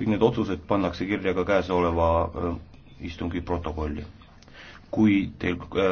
kõik need otsused pannakse kirja ka käesoleva äh, istungi protokolli. kui teil äh,